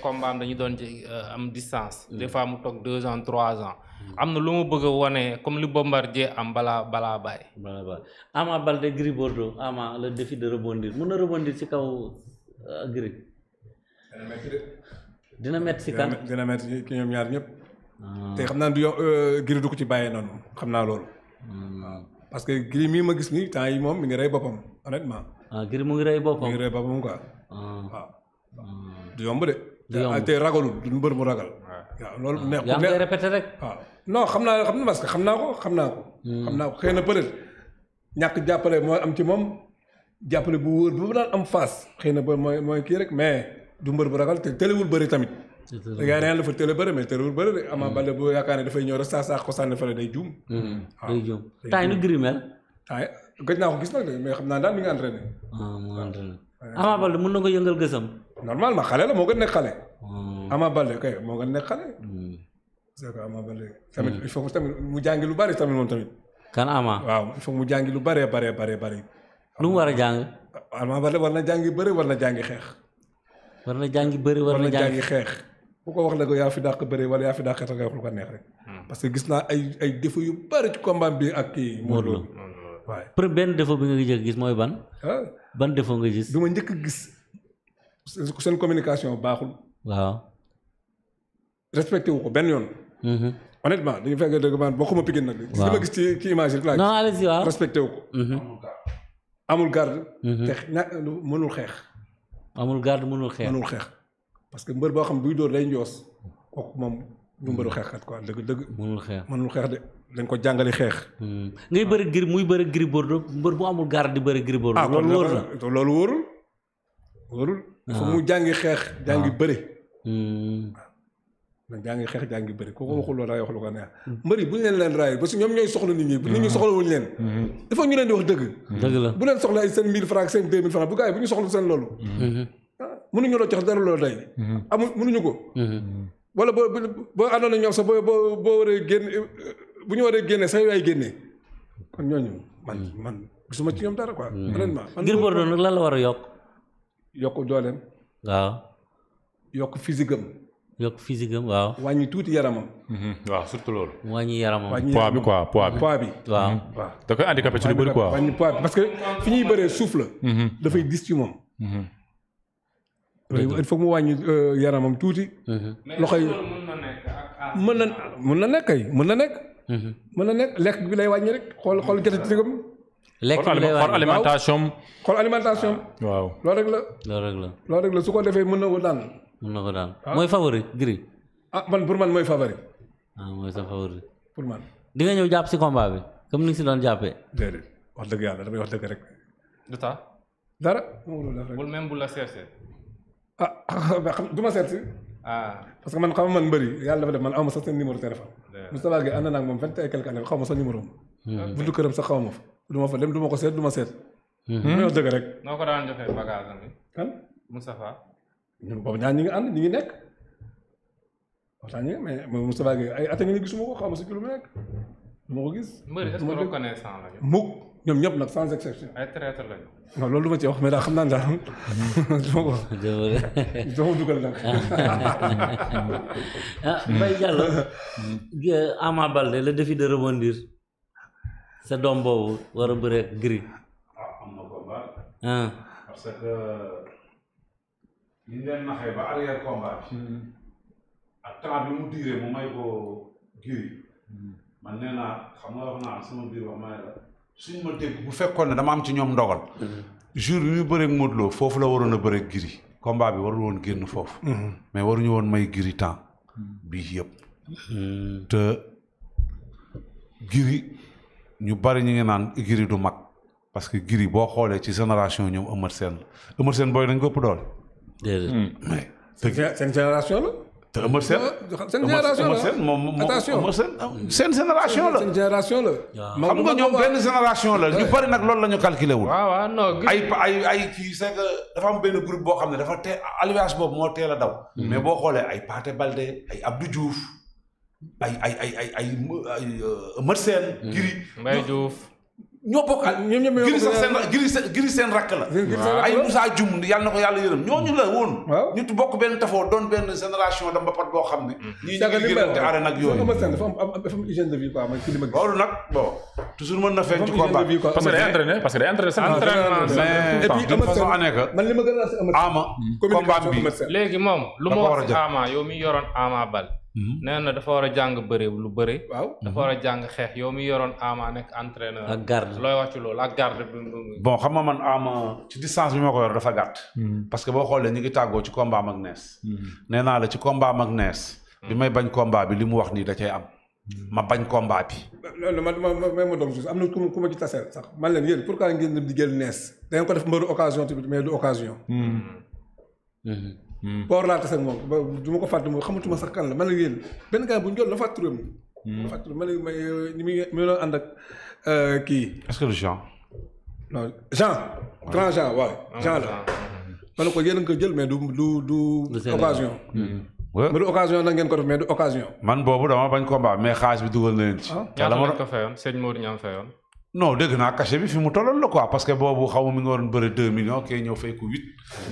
combat am dañu doon ci euh, am distance. Mm. des fois mu toog deux ans trois ans. Mm. am na lu mu bëgg wone wane comme li Bombardier am balaa balaa bàyyi. balaa bàyyi Ama Baldé Gris Bordeaux Ama le défi de rebondir mun na rebondir ci kaw euh, Gris. dina métti ci kan dina métti ñoom ñaar ñëpp. Ah. te xam naa du yo euh, Gris du ci bàyyee noonu xam naa loolu. Mm. Ah. parce que Gris mii ma gis nii yi moom mi ngi rey boppam honnêtement. ah mu ngi rey boppam mu ah. du yomb de. ak tey du mbër bu ragal. waaw loolu ah. neex. yaa ngi koy rek. waaw non xam naa xam na parce que xam naa ko xam naa ko. Hmm. xam naa na peut être ñàkk jàppale mooy am ci moom jàppale bu wóor bi mu daan am face xëy na mooy mooy kii rek mais du mbër bu ragal te tëlewul bëri tamit. da ngay naan dafa tële bëri mais tëlewul bëri de. Ama hmm. Baldé bu yaakaar ne dafay ñëw rek saa saa ko sànni fële day juum. Hmm. waaw day juum taay nu Gris Mel. taay gëj naa ko gis nag de xam naa daal mi ngi Eh, Ama Balde mën na ko yëngal gësam. normalement xale la moo gën nekk xale. Hmm. Ama Balde kay moo gën nekk xale. Hmm. Hmm. mu jàngi lu bari tamit moom tamit. kan Ama mu lu bari bari bari bari. lu war a jàng. Ama Balde war na jàngi bëri war na jàngi xeex. war na jàngi bëri war na jàngi xeex. bu ko wax ne ko yaa fi daq bëri wala yaa fi dàq xeex nga wax lu ko neex rek. parce que gis naa ay ay défauts yu bari ci bi ak kii. Modou waay benn défaut bi nga njëkk gis mooy ban. Ah. ban defoo nga gis. du ma njëkk gis seen communication baaxul. waaw. respecté wu ko benn yoon. Mm-hmm. honnêtement dañu fekk dëgg man bokkuma Pikine nag. waaw li ma gis ci ci image yi. non allez-y waaw respecté ko. Mm-hmm. amul garde. Mm-hmm. te mënul xeex. amul garde mënul xeex mënul xeex. parce que mbër boo xam buy dóor day njoos kooku moom. du mbëru mm. xeexkat quoi dëgg dëgg. mënul xeex mënul xeex de dañ ko jàngali xeex. Mm. ngay bëri giri muy bëri giri bordeaux mbër bu amul gaar di bëri giri bordeaux. Ah, loolu loolu wóorul. wóorul. fu ah. mu jàngi xeex jàngi ah. bëri. waaw mm. jàngi xeex jàngi bëri kooku waxul loolu day wax lu ko neex. mbër yi bu ñu leen leen raay parce que ñoom ñooy soxla nit ñi. bu nit ñi soxla wuñ leen. Mm-hmm. il faut ñu leen di wax dëgg. dëgg la bu leen soxla ay seen 1000 francs seen 2000 francs bu gars yi bu ñu soxla seen loolu. Mm-hmm. mënuñu la jox mm-hmm. ko wala boo boo àndoon ak ñoom sax boo boo boo waree génne bu ñu waree génne sax yaay génne kon ñooñu man man ma ci ñoom dara quoi. honnêtement hmm. man Gris Bordeaux nag lan la war a yokk. yokk dooleem. waaw. yokk physique am. yokk physique am waaw. wàññi tuuti yaramam. Hmm, waaw surtout loolu. wàññi yaramam poids bi quoi poids bi. poids bi waaw. Hmm. da koy handicapé ci lu bëri quoi. wàññi poids parce que fi ñuy bëree suuf la. dafay dis ci moom. il mu wàññi euh, yaramam tuuti. Mhm. loxo yi mën na mën na nekk mën na nekk. Mhm. mën na nekk lekk bi lay wàññi rek xool xool gerte tigam. lekk alimentation xool alimentation waaw loolu rek la. loolu rek su ko defee mën na ko daan. mën na ko daan ah. mooy favori Gris. ah man pour man mooy favori. ah sa favori. pour man di nga ñëw jàpp si combat bi comme ni si doon jàppee. wax dëgg yàlla damay wax dëgg rek. du tax dara. bul même bu la seesee. ah mais xam du seet si. Ah. parce que man xam man mbëri yàlla dafa def man aw ma seen numéro téléphone. Moustapha Gueye ànd nag moom vingt et quelques années xaw ma sax numéro am. Hmm. buntu sax xaw ma fa du ma fa dem ko seet du ma seet. ñu hmm. ngi rek. noo ko joxee bagage am kan Moustapha. ñun boobu ñaar ñi ngi ànd ñi ngi nekk. waxtaan mais Moustapha Gueye ay at a ngi ni gisuma ko xaw ma si kii lu mu nekk. du ma ko gis. mukk ñoom ñëpp nag sans exception. ay traître lañu. non loolu lu ma ci wax mais daal xam naa ne daal. jërëjëf dugal nag. ah Mbaye Diallo. Ama Baldé le défi de rebondir. sa doom boobu war a bëre Gris. waaw ah, am ah. hmm. mu diiree mu may ko Gris. Hmm. man nee naa xam nga wax naa sama biir wax may la. suñ ma dégg bu fekkoon ne dama am ci ñoom ndogal. Mm-hmm. jour bi muy bëree ak foofu la waroon a bëree Gris combat bi warul woon génn foofu. Mm-hmm. mais waruñu woon may giri temps bii yëpp. Mm-hmm. te Gris ñu bari ñu ngi naan Gris du mag parce que Gris boo xoolee ci génération ñoom Eumeu Sène la Eumeu Sène booy dañ ko ëpp doole. mais. seen génération la. te Eumeu Sène euh, seen génération moom ah, seen génération la seen génération la. xam nga ñoom benn génération la ñu bari nag loolu la ñu calculé wul. waaw waaw non ay ay kii c'est que dafa am benn groupe boo xam ne dafa teel alliance boobu moo teel daw. Mm-hmm. mais boo xoolee ay Pathé Baldé ay Abdou Diouf ay ay ay ay ay euh, Eumeu Sène. Mm-hmm. Giri Mbaye Diouf. ñoo bokk ñoom ñoom giri sax rakk la ay Moussa Dioum yàlla na ko yàlla yërëm ñooñu la woon ñu bokk benn tafoo doon benn génération da mbapat boo xam ne mm. ñii ñu ngi gërëm te arène ak yooyu dafa nag bon toujours mën na feeñ ci combat parce que day entraîné parce que de ah, façon année que man li ma ama combat bi léegi moom lu ma wax si ama yow mi ama bal Hmm. neen na dafa war a jàng bëre lu bëre. waaw dafa hmm. war a jàng xeex yow mi yoroon Ama nekk entraîneur. ak garde looy wax ci loolu ak garde bi. bon xam nga man Ama ci distance bi ma ko yor dafa gàtt. Hmm. parce que boo xoolee ñu ngi tàggoo ci combat mag nees. nee naa la ci combat mag nees. bi may bañ kombaa bi li mu wax nii da cay am. ma bañ kombaa bi. loolu man ma ma ma am na ku ma ku ma sax man leen yéen pourquoi ngeen di jël nees. da ngeen ko def mbëru occasion tamit mais du occasion. Hmm. boor laa tase ak moom ba du ma ko fàtte moom xamatuma sax kan la man la yéen benn gars bu ñu jot la fàttali ma. Hmm. la fàttali ma ne ma ñu ngi ñu kii. est-ce que le Jean. non Jean. Ah, ko yéen a jël mais du du du. occasion. Hmm. ma du occasion nag ngeen ko def mais du occasion. man boobu dama bañ combat mais xaalis bi dugal na leen ci. ñaata ah? lañ ko fayoon sëñ Mor ñaam fayoon. non dégg naa cachet bi fi mu tolloon la ko parce que boobu xaw ma mi nga waroon deux millions kii ñëw fay huit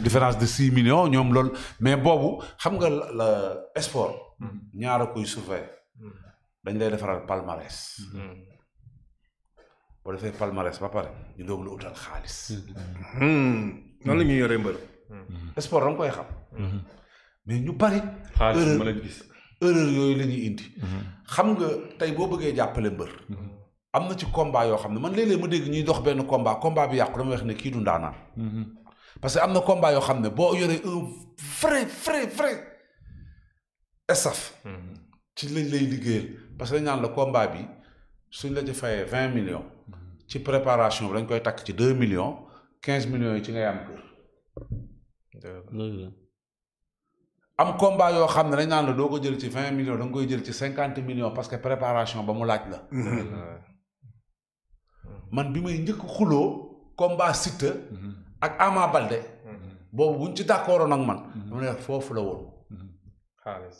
différence de six millions ñoom lool mais boobu xam nga la la sport. Mm-hmm. ñaara koy surveiller. Mm-hmm. dañ lay defaral palmarès. Mm-hmm. boo defee palmarès ba pare ñu doog la utal xaalis. noonu la ñuy yoree mbër. sport da koy xam. mais ñu bari. xaalis a yooyu la ñuy indi. xam nga tey boo bëggee jàppale mbër. am na ci combat yoo xam ne man léeg-léeg dégg ñuy dox benn combat combat bi yàqu dama wax ne kii du ndaanaan. Mm-hmm. parce que am na combat yoo xam ne boo yoree un vrai vrai vrai staff. Mm-hmm. ci lañ lay liggéeyal parce que dañ la combat bi suñ la ci fayee vingt millions. Mm-hmm. ci préparation bi koy takk ci deux million quinze millions yi ci ngay am kër. am combat yoo xam ne dañ naan la doo ko jël ci vingt millions da nga koy jël ci cinquante millions parce que préparation ba mu laaj la. man bi may njëkk xuloo combat Siteu ak Ama Balde boobu buñ ci d'accordoon ak man mhm. dama ne foofu la woon mhm. xaalis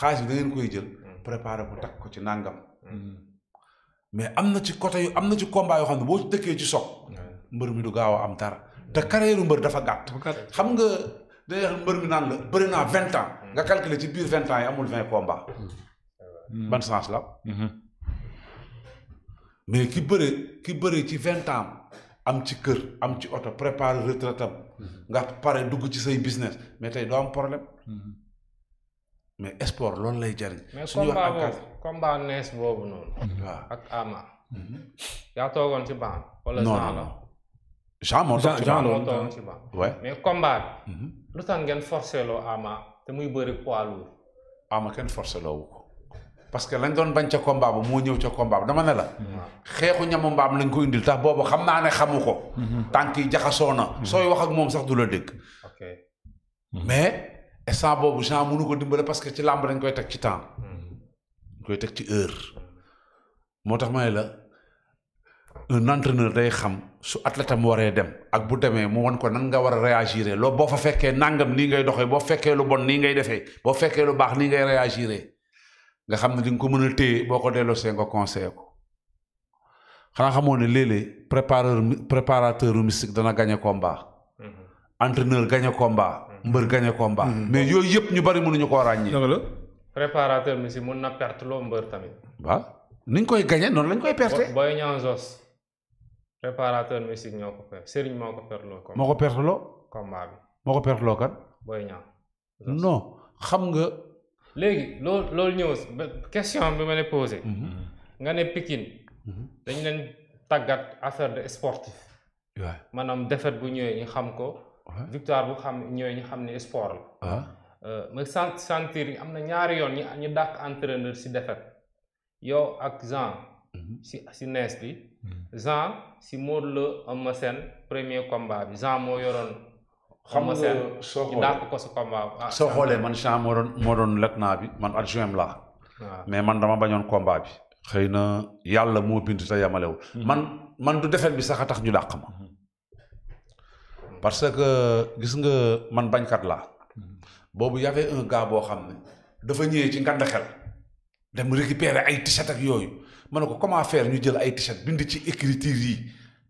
xaalis bi da ngeen koy jël mhm. préparé ko takk ko ci nàngam mais am na ci côté yu am na ci combat yoo xam ne boo ci ci soog mbër mi du gaaw a am dara te carrière mbër dafa gàtt xam nga day wax mbër mi naan la bëri naa vingt ans nga calculer ci biir vingt yi amul vingt combat ban sens la mais ki bëre ki bëre ci vingt ans am ci kër am ci oto préparer retraite mm-hmm. nga pare dugg ci say business mais tey doo am problème mm-hmm. mais sport loolu lay jariñ suñu wax ak nees boobu noonu mm-hmm. waaw ak Ama yaa toogoon ci baan wala Jean la Jean moo toogoon ci baan mais combat lu tax ngeen forcé loo Ama te muy bëri poids lourd Ama kenn forcé loowu ko parce que lañ doon bañ ca combat moo ñëw ca combat ba dama ne la. xeexu ñamu mbaam lañ ko indil tax boobu xam naa ne xamu ko. Mhm. tànk yi jaxasoo na. Mhm. sooy wax ak moom sax du la dégg. Mhm. mais instant boobu Jean mënu ko dimbale parce que ci làmb dañ koy teg ci temps. dañ koy teg ci heure. moo tax ma ne la un entraîneur day xam su athlète am waree dem ak bu demee mu wan ko nan nga war a réagir loo boo fa fekkee nangam nii ngay doxee boo fekkee lu bon nii ngay defee boo fekkee lu baax nii ngay réagir. nga xam ne di ko mën a téye boo ko delloosee nga conseillé ko xanaa xamoo ne léeg-léeg préparateur préparateur mystique dana gagné combat. Mhm. entraîneur gagné combat. Mhm. mbër gagné combat. Mhm. mais yooyu yëpp ñu bari mënuñu koo ràññee. dëgg la préparateur mystique na perte loo mbër tamit. waa ni koy gagné noonu lañ koy perte. booy ñaan jos préparateur mystique ñoo ko perte Serigne moo ko perte loo. moo ko perte loo. ko kan. non xam nga. léegi loolu loolu ñëw question bi ma ne posé. Mm-hmm. nga ne Pikine mm-hmm. dañ leen tàggat affaire de sportif. maanaam défaite bu ñëwee ñu xam ko. victoire bu xam ñëwee ñu xam ne sport la. Ah. Euh, ma sant sentir am na ñaari yoon ñu ñu dàq entraîneur si defet yow ak Jean. Mm-hmm. si si nees bi. Jean si Modou Lo Eumeu Sène premier combat bi Jean moo yoroon. xam nga soo xoolee ah, soo xoolee man champ moo doon moo naa bi man adjoint laa. Ah. mais man dama bañoon combat bi. xëy na yàlla moo bind te yamalewu mhm. man man du defet bi sax a tax ñu dàq ma. Mhm. parce que gis nga man bañkat laa. Mhm. boobu y avait un gars boo xam ne dafa ñëwee ci ngand xel. dem récupérer ay t-shirt ak yooyu ma ne ko comment faire ñu jël ay t bind ci écriture yi.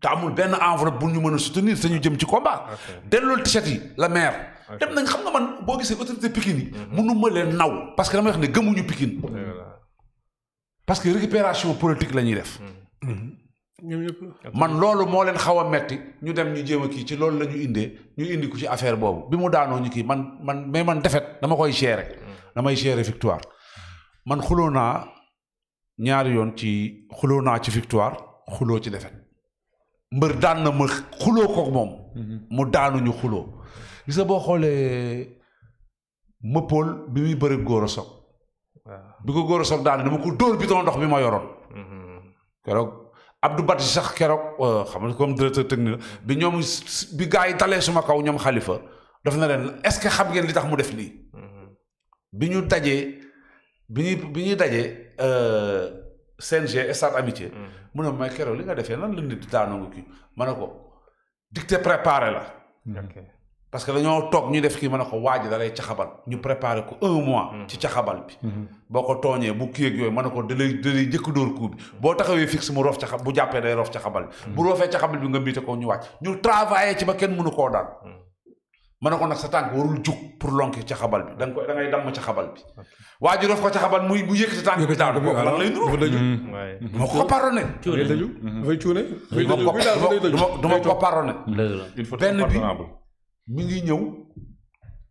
te amul benn enveloppe bu ñu mën a soutenir sañu jëm ci combat. ok delloo t yi la maire. dem nañ xam nga man boo gisee autorité Pikine yi. mënu ma leen naw parce que dama ne gëmuñu Pikine. parce que récupération politique la ñuy def. Mm. Mhm. man loolu moo leen xaw a metti ñu dem ñu jéem a kii ci loolu la indee ñu indi ko ci affaire boobu bi mu daanoo ñu kii man man mais man defet dama koy gérer. Mm. damay gérer victoire. man xuloo naa ñaari yoon ci xuloo naa ci victoire xuloo ci defet mbër daan na ma xuloo kook moom mhm. mu daanu ñu xuloo gis boo xoolee mëppool bi muy bëri góor a soog bi ko góor a soog daan dama ko dóor biton ndox bi ma yoroon mhm. keroog Abdou Badji sax keroog euh, xam nga comme directeur technique la bi ñoom bi gars yi talee suma kaw ñoom xalifa daf na leen est-ce que xam ngeen li tax mu def lii mhm. bi ñu dajee bi ñuy bi ñuy dajee euh, CNG stade amitié. Mm. mu ne may keroog li nga defee nan la nit daanoo nga kii ma ne ko dicté préparé la. Mm-hmm. parce que dañoo toog ñu def kii ma ne ko waaj da lay caxabal ñu préparé ko un mois. Mm. ci caxabal bi. Mm-hmm. boo ko tooñee bu kii ak yooyu ma ne ko da lay da lay jëkk dóor coup boo taxawee fixe mu roof caxab bu jàppee day roof caxabal bi. Mm-hmm. bu roofee caxabal bi nga mbiite ko ñu wàcc ñu travaillé ci ba kenn mënu koo daan. Mm. ma ne ko nag sa tànk warul jug pour lonke ca xabal bi da nga koy da ngay ca xabal bi. waa ji def ko ca xabal muy mu yëkkati tànk bi daanu ko lan lay nuru. moo ko pardonné. cuune daju dafay cuune. du ma ko du bi mi ngi ñëw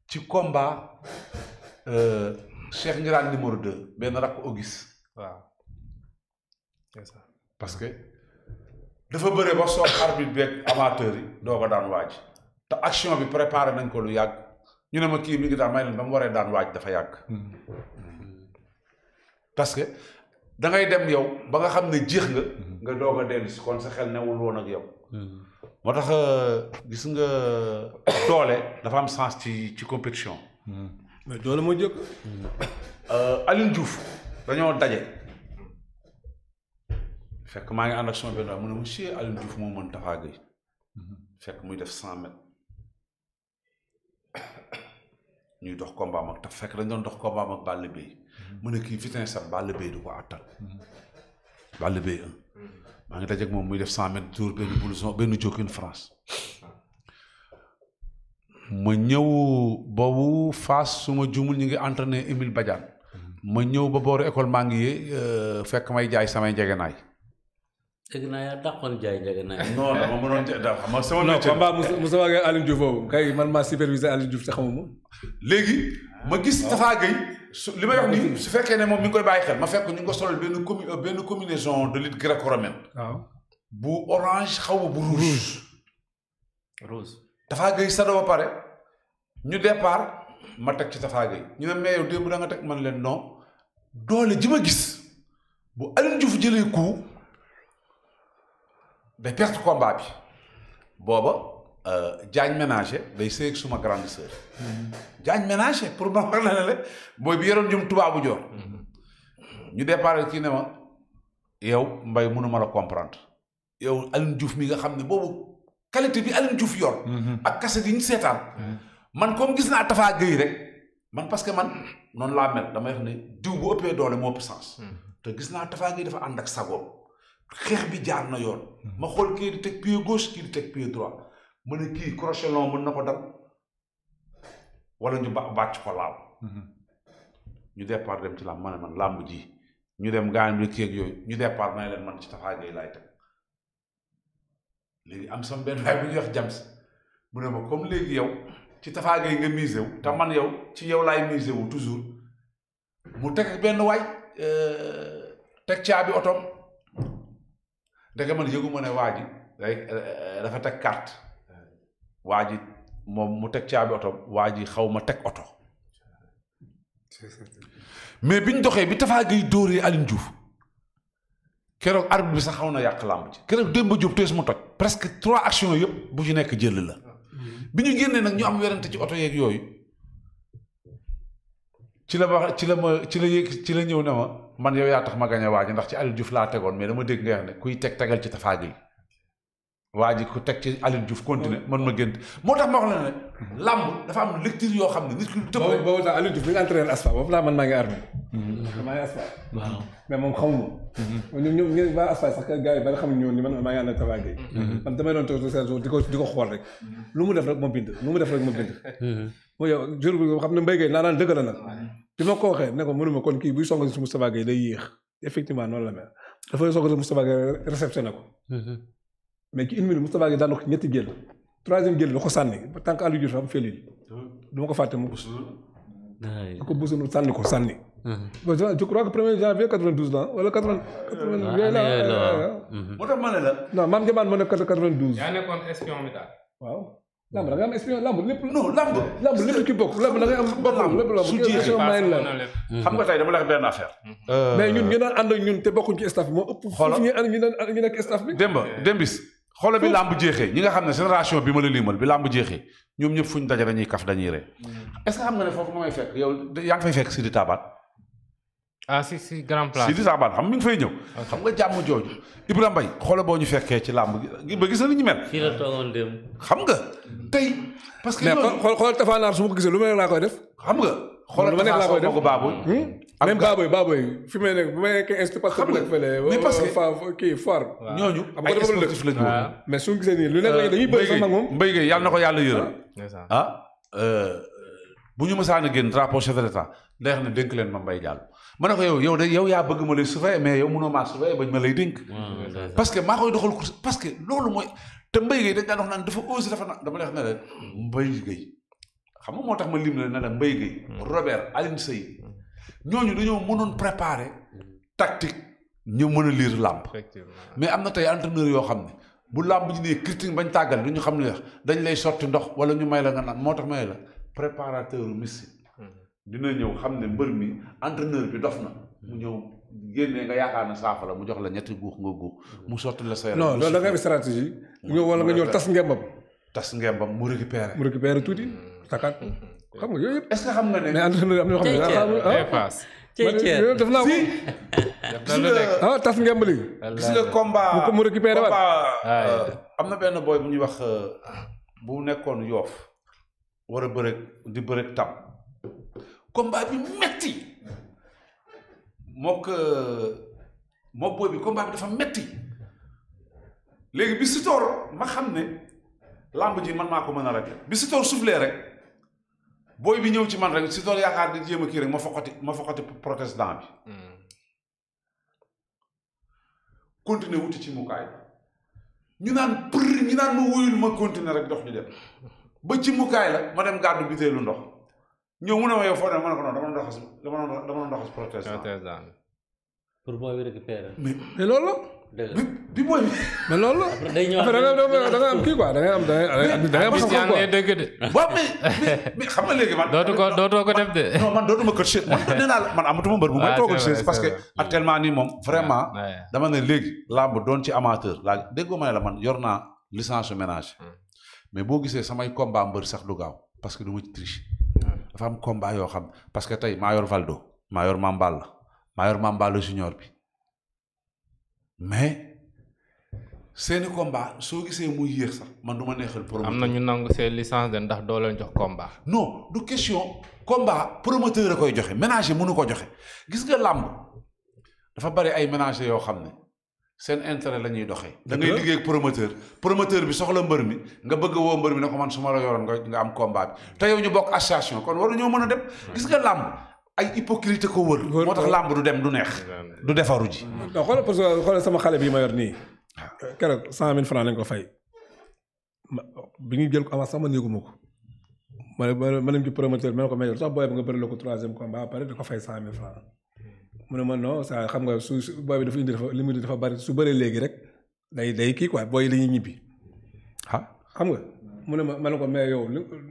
ci combat euh, Cheikh Ngiraan numéro 2 benn rakk Auguste. waaw parce que dafa bëre ba soog arbitre beeg amateur yi doo ko daan waaj. te action bi préparer nañ ko lu yàgg ñu ne ma kii mi ngi daan may leen ba mu waree daan waaj dafa yàgg mm. parce mm. que da dem yow ba nga xam mm. ne jeex nga nga doog a dellu si kon sa xel newul woon ak yow moo tax gis nga doole dafa am sens ci ci compétition mais doole moo jëkk Aline Diouf dañoo daje fekk maa ngi ànd ak sama benn mu ne monsieur Aline Diouf moo mën Tapha Gueye fekk def cent ñuy dox combat am ak taf fekk dañ dox combat am ak Balla Gaye mhm. mu ne kii vitesse am Balla Gaye du ko attan. Mhm. Balla Gaye un mhm. maa ngi dajeeg moom muy def cent mètres tour benn blouson benn jokkine France. ma ñëw boobu Fass su ma juumul ñu ngi entraîné Émile Badiane. ma ñëw ba booru école maa ngi yee euh, fekk may jaay samay njegenaay. dégg naa yaa jaay njëgg naa. non mënoon jaay daaw xam nga sama. non combat Moussa Gueye Aliou Diouf boobu kay man maa supervisé Aliou Diouf te léegi ma gis ah. Tafa Gueye. su li may wax ah. su fekkee ne moom mi ngi koy bàyyi xel ma fekk ñu ngi ko solal benn commu euh, benn combinaison de lutte gréco-romaine. waaw ah. bu orange xaw ma bu rouge. rouge Tafa Gueye sado ba pare ñu départ ma teg ci Tafa Gueye ñu ne mais yow démb da nga teg man leen non doole ji ma gis bu Aliou Diouf jëlee coup. ba perte combat bi booba euh, Diagne ménager day sëy suma grande sœur mm-hmm. ménager pour ma wax na ne la booy bi yoroon jum tubaabu joor mm-hmm. ñu départ ci ne ma yow mbay mënuma la comprendre yow Alioune Diouf mi nga xam ne boobu qualité bi Alioune Diouf yoon mm-hmm. ak kase gi ñu seetaan man comme gis naa Tafa Gueye rek man parce que man noonu laa mel damay wax ne diw bu ëppee doole moo ëpp sens te gis naa Tafa Gueye dafa ànd ak sagoom xeex bi jaar na yoon. Hmm. ma xol kii di teg pied gauche kii di teg pied droit ma ne kii crochet long mën na ko dal wala ñu ba bàcc ko laaw. Hmm. ñu départ dem ci làmb ma ne man làmb ji ñu dem gaañ bi kii ak yooyu ñu départ ma leen man ci Tapha Gueye laay teg léegi am sama benn waay bu ñuy wax James mu ne ma comme léegi yow ci Tapha Gueye nga misé wu te man yow ci yow lay misé wu toujours mu teg benn waay euh, teg caabi otoom. da nga mën yëgu ma ne waa ji eh, dafa teg carte waa ji moom mu teg caabi oto waa ji xaw ma teg oto mais bi ñu doxee bi Tapha Gueye dóoree Alioune juuf keroog arbitre bi sax xaw na yàq làmb ci keroog Demba Diop tees mu toj presque trois actions yëpp bu ci nekk jël la bi ñu génnee nag ñu am werante ci oto yeeg yooyu ci la wax ci la ma ci la yéeg ci la ñëw ne ma man yow yaa tax ma gañe waa ji ndax ci Aliou Diouf laa tegoon mais dama dégg nga wax ne kuy teg tegal ci Tapha Gueye waa ji ku teg ci Aliou Diouf continuer man ma gént moo tax ma wax la ne am lecture yoo xam ne nit ki tëb boobu tax Aliou man maa ngi armé mhm. maa ngi mais moom xamuma ñoom ñoom ngeen waa Asfa ba xam ne ñoon ni man maa ngi ànd ak mhm. di ko di ko xool mhm. mu def rek ma bind lu mu def rek ma bind mooy yow jour xam ne mbéy gay naa naan dëgg la bi ma ko waxee ne ko mënuma kon kii buy songo si Moustapha Gueye day yéex effectivement noonu la mel dafay songo si Moustapha Gueye réceptionné ko. Mhm. mais ci une minute Moustapha Gueye daan ko ñetti jël. troisième jël la ko sànni ba tant que Aliou Diouf am mhm. ko fàtte mu bus. da ko busoon sànni ko sànni. Mhm. bon je crois premier janvier 92 la wala la moo tax ma ne la. non maam Ndiabane ma ne 92. yaa nekkoon espion waaw. lamb da am expérience lamb lépp. non lamb lépp ki bokk lamb da am boppam lépp lamb. su jeexee xam nga tay dama la wax benn affaire. Euh, mais ñun ñu daan ànd ak ñun te bokkuñ ci staff bi moo ëpp. xoolal ñu daan ñu nekk staff bi. Demba jeexee ñi nga xam ne génération bi ma la limal bi lamb jeexee ñoom ñëpp fuñ daje dañuy kaf dañuy ree. Mm. est-ce que xam nga ne foofu nga may fekk yow yaa ngi fay fekk Sidi Tabaat ah si si grand place Sidi Sabaat xam mi ngi fay ñëw. xam nga jàmm jooju. Ibrahima Mbaye xoolal boo ñu fekkee ci làmb gi ba gis na li ñu mel. xam nga tey. parce que loolu mais xool xool Tafanaar su ma ko gisee lu mel laa koy def. xam nga xoolal Tafanaar soo ko baaboy. même baaboy baaboy fi may nekk parce que. mais parce que fa kii ñooñu ay sportif la ñu mais suñu gisee nii lu nekk euh, la dañuy bëri sax nag na ko yàlla yërëm. ah euh, bu ñu mësaan a génn drapeau chef leer na dénk leen ma mbay jàll ma ne ko yow yow de yow yaa bëgg ma lay surveiller mais yow mënoo maa surveiller bañ ma lay dénk parce que maa koy doxal course parce que loolu mooy te mbay gay dañ daan wax naan dafa osé dafa na dama lay wax ne xam nga moo tax ma lim la ne la mbay gay hmm. Robert Alioune Seye hmm. ñooñu dañoo mënoon préparer tactique ñu mën a liir làmb mais am na tey entraîneur yoo xam ne bu làmb ji nee critique bañ tàggal du ñu xam ne dañ lay sotti ndox wala ñu may la nga naan moo tax may la préparateur mystique dina ñëw xam ne mbër mi entraîneur bi dof na mu ñëw génnee nga yaakaar na saafara mu jox la ñetti guux nga guux mu sotti la sa yaram non loolu da nga am stratégie ñëw wala nga ñëw tas ngembam tas ngembam mu récupéré mu récupéré tuuti takaat xam nga yooyu yëpp est xam nga ne mais entraîneur am na yoo xam ne ah passe ah. yooyu daf ah, tas ngemb li gis nga combat mu ko mu euh, am na benn boy bu ñuy wax euh, bu nekkoon yoof war a bërëg di bërëg tam combat bi metti mook euh, mook booy bi combat bi dafa metti léegi bi si toor ma xam ne làmb ji man maa ko mën a rek bi si toor rek booy bi ñëw ci man rek si toor yaakaar di jéem a kii rek ma foqati ma foqati protestant bi hmm. continuer wuti ci mukaay ñu naan për ñu naan ma wóyul ma continuer rek ndox di dem ba ci mukaay la ma dem gàddu bitéelu ndox ñëw mu ma yow foo ne ma ko non dama doon raxas dama dama doon raxas protestant. pour booy bi récupérer. mais mais loolu la. bi bi booy ko dootoo def de. non man dootuma ah, parce que actuellement nii moom vraiment. dama ne léegi làmb doon ci amateur laa déggoo ma ne la man yor naa licence ménage hmm. mais boo gisee samay combat mbër sax du gaaw parce que du ma dafa am yoo xam parce que tey maa yor Valdo maa yor Mamballa maa yor Mamballa junior bi mais seeni combat soo gisee muy yéex sax man du ma neexal. promoteur am na ñu nangu seen licence de ndax doo leen jox combat. non du question combat promoteur a koy joxe ménager mënu ko joxe gis nga làmb dafa bari ay ménager yoo xam ne. seen intérêt la ñuy doxee. da ngay liggéey ak promoteur promoteur bi soxla mbër mi nga bëgg woo mbër mi ne ko man su ma la yoroon nga am combat bi te yow ñu bokk association kon waru ñoo mën a dem. Hmm. gis nga làmb ay hypocrite ko wër. moo tax làmb du dem du neex. du defaru ji. non xoolal parce que sama xale bii ma yor nii. Euh, keroog cent mille francs lañ ko fay. ma bi ñuy jël ko avance sax man yëguma ko. ma ne ma ne mu ne ma non ça xam nga su su booy bi dafa indi dafa li mu indi dafa bari su bëree léegi rek day day kii quoi booy yi dañuy ñibbi ah xam nga mu ne ma ma ko mais yow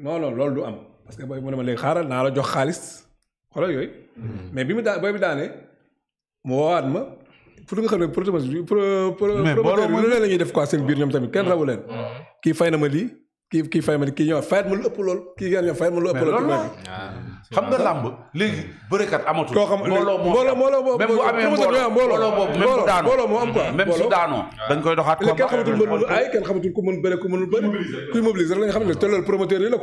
non loolu du am parce que booy mu ne ma léegi xaaral naa la jox xaalis xoolal yooyu. Hmm. mais bi mu daa booy bi daanee mu woowaat ma pour nga xam ne pour. mais booloo mooy lu ne la ñuy def ko seen biir ñoom tamit kenn hmm. rawu leen. Hmm. kii fay na ma lii. kii kii fay ma ne kii ñëwaat fayat ma lu ëpp lool kii ngeen ah, ko ah. kenn xamatul mën lu ay kenn xamatul ku mën bëre ku mënul bëri kuy mobiliser la nga xam ne ah. te loolu promoteur yi euh,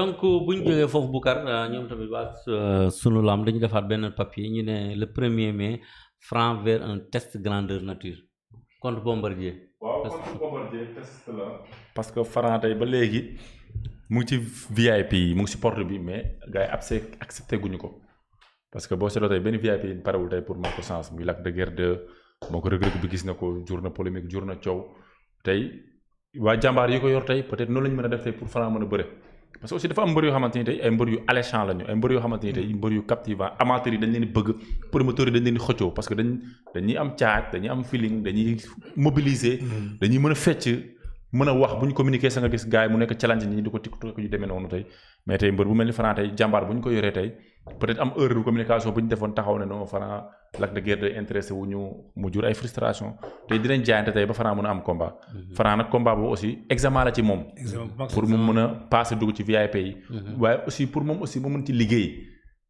euh, ñoom tamit waa euh, sunu lamb dañu defaat benn papier ñu ne le premier mai franc vers un test grandeur nature contre Bombardier parce que Franc tey ba léegi mu ngi ci VIP yi mu ngi ci porte bi mais gars yi abse accepté guñu ko parce que boo seetloo tey benn VIP yi parewul tey pour moo ko sens muy Lac de Guiers 2 moo ko rëg bi gis na ko jur na polémique jur na cow tey waa jàmbaar yi ko yor tey peut-être noonu lañu mën a def tey pour Franc mën a bëre parce que aussi dafa am mbër yoo xamante ni tey ay mbër yu alléchant lañu ay mbër yoo xamante tey mm. mbër yu captivant amateurs yi leen bëgg promoteurs yi dañ leen xëccoo parce que dañuy am caaj dañuy am feeling mm. dañuy mën a fecc mën a wax bu ñu communiquer sa nga gis gars yi mu nekk challenge ñi di ko tiktok yu demee noonu tey mais tey mbër bu mel ni Franc tey jàmbaar bu ñu ko yoree tey peut-être am erreur de communication bu ñu defoon taxaw ne Lac de Guiers day wu ñu mu jur ay frustration tey dinañ jaayante tey ba Franc mën a am combat. Mhm. Franc nag combat boobu aussi examen la ci moom. pour mu mën a passé dugg ci VIP yi. Mhm. waaye aussi pour moom aussi mu mën ci liggéey.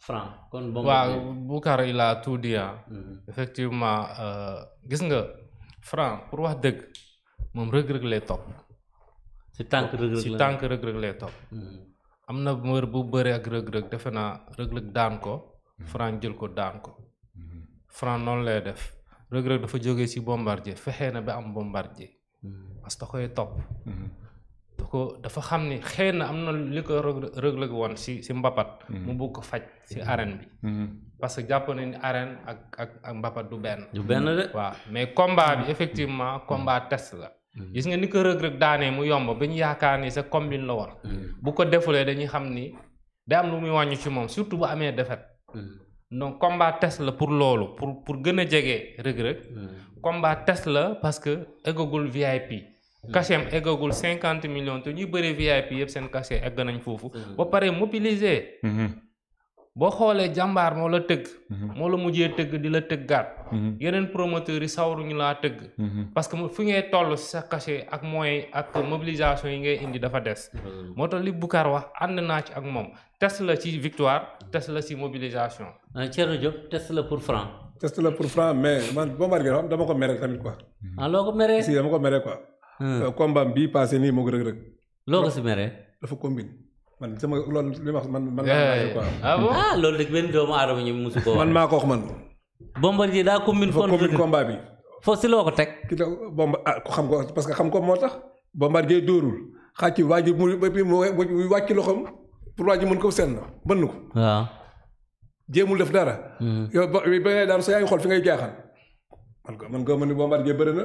franc kon bon waaw Boucar il a tout dit mhm. effectivement euh, gis nga franc pour wax dëgg moom rëg-rëg lay topp si tànk rëg-rëg si topp mhm. am na mbër bu bëri ak rëg-rëg defe naa rëg-rëg daan ko mhm. franc jël ko daan ko franc noonu lay def rëg-rëg dafa jóge si bombardier fexee na bi am bombardier parce que topp daf ko dafa xam ni xëy na am na li ko rëg-rëg woon si mbapat mm-hmm. mu bugg ko faj si mm-hmm. arène bi mm-hmm. parce que jàpp nañ ni arène ak ak mbapat du benn du benn de waaw mais combat bi effectivement combat test la gis nga ni ko rëg mu yomb ba ñu yaakaar ni sa combine la bu ko defulee dañuy xam ni day am lu muy wàññu ci moom surtout bu amee défaite donc combat test la pour loolu pour pour gën a jege rëg-rëg combat test la parce que eggagul VIP Mm-hmm. caché am eggagul cinquante millions te ñuy bëri VIP yëpp seen cachet egg nañ foofu. Mm-hmm. ba pare mobiliser. Mm-hmm. boo xoolee jàmbaar moo la tëgg. moo la mujjee tëgg di la tëggaat. yeneen promoteurs yi sawaruñu laa tëgg. parce que fi ngay toll si sa cachet ak mooy ak mobilisation yi ngay indi dafa des. moo tax li Boucar wax ànd naa ci ak moom test la ci victoire test la ci mobilisation. ah Thierno Diop test la pour franc. test la pour franc mais man boo marqué dama ko mere tamit ah, ko Euh, euh, combat bii passé nii moo ko rëg-rëg. loo ko si meree. dafa combine man sama loolu li ma wax man. man eh, ah, ah loolu rek benn doomu aadama ñu musu ko man maa ko wax man. Bombardier daa combine. dafa combine bi. foofu si loo ko teg. ki la bomba ah xam ko parce que xam ko moo tax. Bombardier dóorul xàcc waa ji mu ba mu wàcc loxoom pour waa ji mën ko senn bënn ko. waaw. jéemul def dara. Hmm. yow ba ba ngay daan sa yaay xool fi ngay jaaxal. man ko man ko man ni Bombardier bëri na.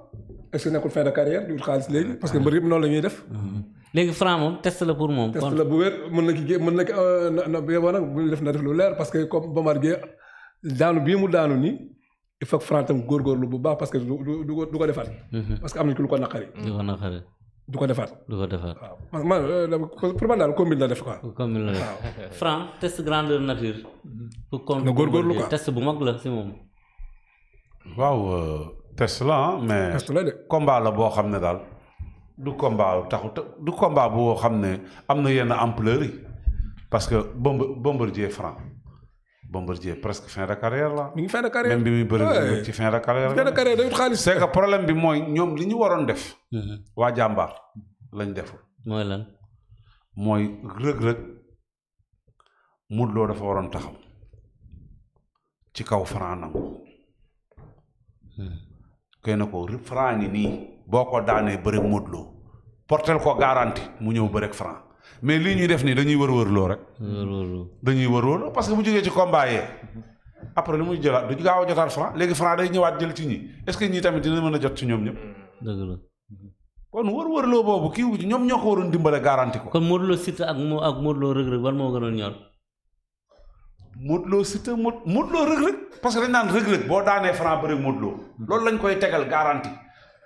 est-ce que nekkul fin de carrière di wut mm-hmm. moom test la pour moom. test la bu wér lu leer parce que comme Bombardier daanu bii mu daanu nii il faut que Franc tam góorgóorlu bu baax parce que du du du ko defaat. Mm-hmm. parce que am ko naqari. Mm-hmm. ko du ko defaat. du ko defaat waaw man man euh, pour man daal combine la def quoi. combine la def Franc test grandeur nature. pour góorgóorlu quoi test bu mag la si moom. waaw. Euh, test la mais test la de combat la boo xam ne daal du combat taxu du combat boo xam ne am na yenn ampleur yi parce que bomb bombardier franc bombardier presque fin de carrière la. mi ngi fin de bi muy bëri ci fin de carrière. fin de carrière problème bi mooy ñoom li ñu waroon def. Mhm. waa jàmbaar lañ deful. mooy lan. mooy rëg-rëg Modou Lo dafa waroon taxaw ci kaw franc nangu. Hmm. kay na ko franc ngi nii boo ko daanee bëre Modou Lo portel ko garanti mu ñëw bëre ak franc mais lii ñuy def nii dañuy wër-wër loo rek. dañuy wër-wër parce que bu jógee ci combat yee après lu muy jëlaat du gaaw a jotaat franc léegi franc day ñëwaat jël ci ñi est ce que ñii tamit dina mën a jot ci ñoom ñëpp. dëgg la. kon wër-wër loo boobu kii ñoom ñoo ko waroon dimbale garanti ko. kon Modou Lo Siteu ak moo ak Modou Lo Reug Reug ban moo gënoon ñor. Modou Lo Siteu Modou Lo Reug Reug parce que dañ naan Reug Reug boo daanee Franc bëre Modou Lo loolu lañ koy tegal garanti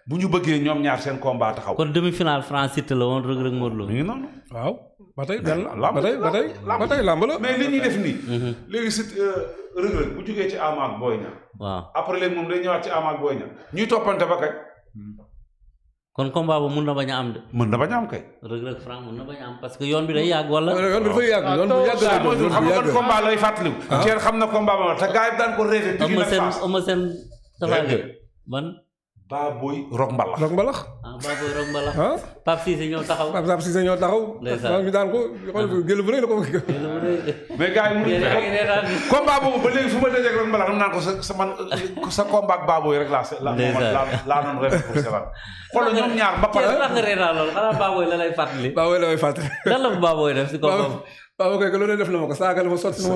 bu ñu bëggee ñoom ñaar seen combat xaw kon demi final Franc Siteu la woon Reug Reug Modou Lo. mi ngi noonu waaw. ba tey ba tey ba tey ba la mais li ñuy def nii. Mhm. léegi Siteu euh, Reug Reug bu jógee ci Ama ak Boy Niang. waaw après moom day ñëwaat ci Ama ak Boy Niang ñuy toppante ba kañ. Hmm. kon combat boobu mun na bañ a am de. mën na bañ a am kay. Reug Reug Franc mun na bañ a am parce que yoon bi day yàgg wala. yoon bi dafay yàgg yoon bi yàgg la doon xam nga kon combat lay fàttaliwu. Ah. Thierno xam na combat seen am na seen Baboy Rock Mbalax Rock Mbalax. ah Baboy Mbalax. ah Pape ba léegi fu ma dajee ak Rock Mbalax naan ko sa sa man sa combat ak Baboy rek laa la laa ba pare. la lay fàttali. Baboy la lay fàttali. lan la ko Baboy def waaw kay lu ne def na ma ko saaga la ma sotti def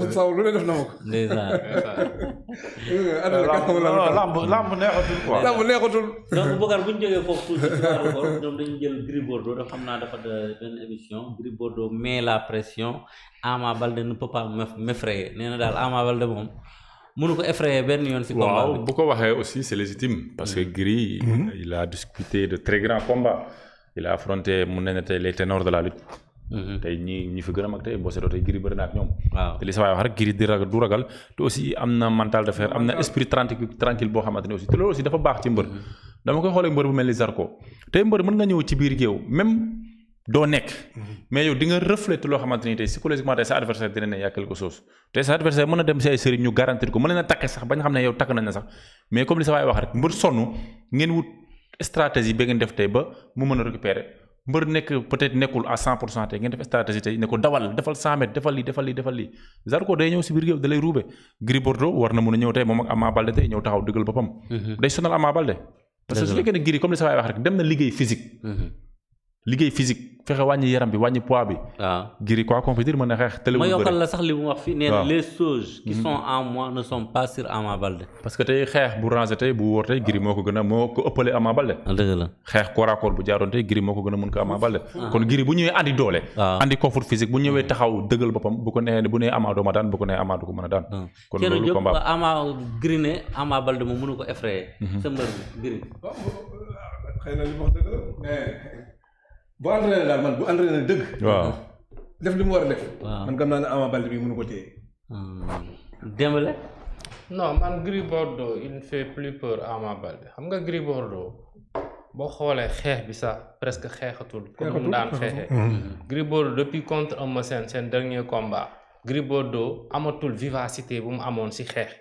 na ma ko. ndeysaan. lamb lamb neexatul lamb neexatul. donc Bocar bu ñu jógee foofu tuuti ci wàllu bor dañu jël Gris Bordeaux dafa xam naa dafa benn émission Gris Bordeaux met la pression Ama Baldé ne peut pas m'effrayer nee na daal Ama Baldé moom. mënu ko effrayer benn yoon si combat bu ko waxee aussi c'est légitime. parce que Gris. Mm-hmm. il a disputé de très grands combats. il a affronté mun nañu ne tey les ténors Mm-hmm. tey ñi ñi fi gën a mag tey boo seetoo tey giri bëri na ak ñoom te li sa waay wax rek giri di ragal du ragal te aussi am na mental de fer am na esprit tranquille boo xamante ne ni mm-hmm. Zarko tey mbër mën nga mm-hmm. sa adversaire dina ne yaa quelque chose tey sa adversaire mën na dem si ay sëriñ ñu garantir ko mën leen a takke sax ba xam ne yow takk nañ na sax mais comme li sa waay wax rek mbër sonn ngeen wut stratégie ba ngeen def tey ba mu mën a récupérer mbër nekk peut-être nekkul à 100 pour cent te ngeen def stratégie ne ko dawal defal 100 defal lii defal lii defal lii Zarko day ñëw si biir géew ruube Gris Bordeaux war na mun a ñëw tey moom ak Ama Balde tey ñëw taxaw dëggal boppam. Mhm. day sonal Ama Balde. parce que su fekkee ne Gris comme li sa wax rek dem na liggéey physique. Mhm. liggéey physique fexe wàññi yaram bi wàññi poids bi. waaw ah. ngir quoi compétir mën a xeex. te ma yokkal la sax li mu wax fii nee na les qui mhm. sont en moi ne sont pas sur Ama parce que tey xeex bu rangé tey bu wóor tey Gris moo ko gën a moo ko ëppale Ama Baldé. Ah, dëgg la xeex corps à bu jaaroon tey Gris moo ko gën a mën ko Ama Baldé. Ah. kon Gris bu ñëwee andi doole. waaw andi confort physique bu ñëwee mm. taxaw dëggal boppam bu ko nee bu bu ko nee Ama du ko a ko effrayer. Mhm. sa bu entraîné daal man bu entraîné dëgg. waaw def li mu war a def. man gëm naa ne Ama bi mënu ko téye. Hmm. démb la. man gri Bordeaux il ne fait plus peur Ama Baldé xam nga Gris Bordeaux boo xoolee xeex bi sax presque xeexatul. comme ni mu daan xeexee. Hmm. Gris Bordeaux depuis contre Eumeu Sène seen dernier combat. Gris Bordeaux amatul vivacité bu mu amoon si xeex.